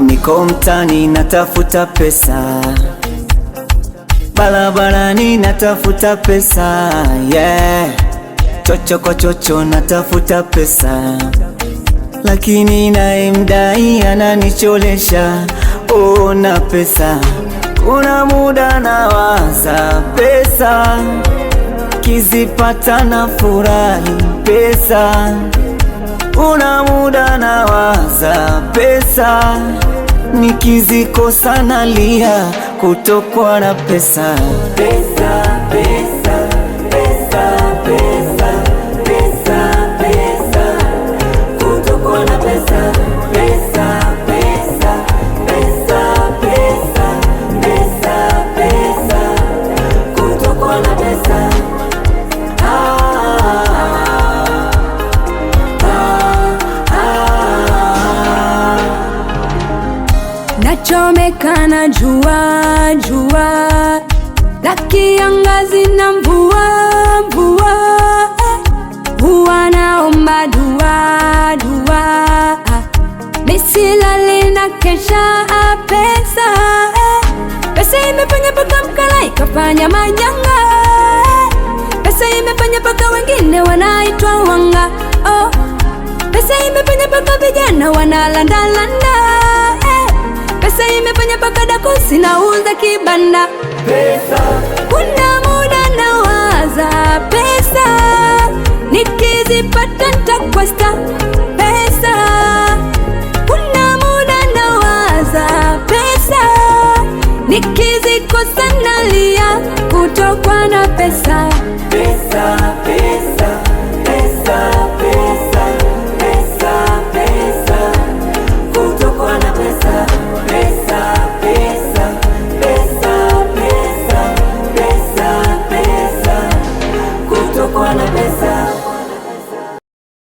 Niko mtani natafuta pesa, barabarani natafuta pesa, yeah. Chocho kwa chocho natafuta pesa lakini naye mdai ananicholesha. Ona oh, pesa, kuna muda nawaza pesa, kizipata na furahi pesa, kuna muda nawaza pesa, nikizikosa nalia kutokwa na pesa, pesa. Chomeka na jua jua, la kiangazi na mvua mvua, huwa naomba dua dua, nisilale na kesha ah, pesa. Pesa imefanya paka mkala ikafanya manyanga pesa imefanya paka wengine wanaitwa wanga. Oh, pesa imefanya paka vijana wanalandalanda Pesa imefanya mpaka daku sinauza kibanda. Pesa kuna muda nawaza pesa, nikizipata ntakwasta. Pesa kuna muda nawaza pesa, nikizikosa nalia kutokwa na pesa, pesa, pesa.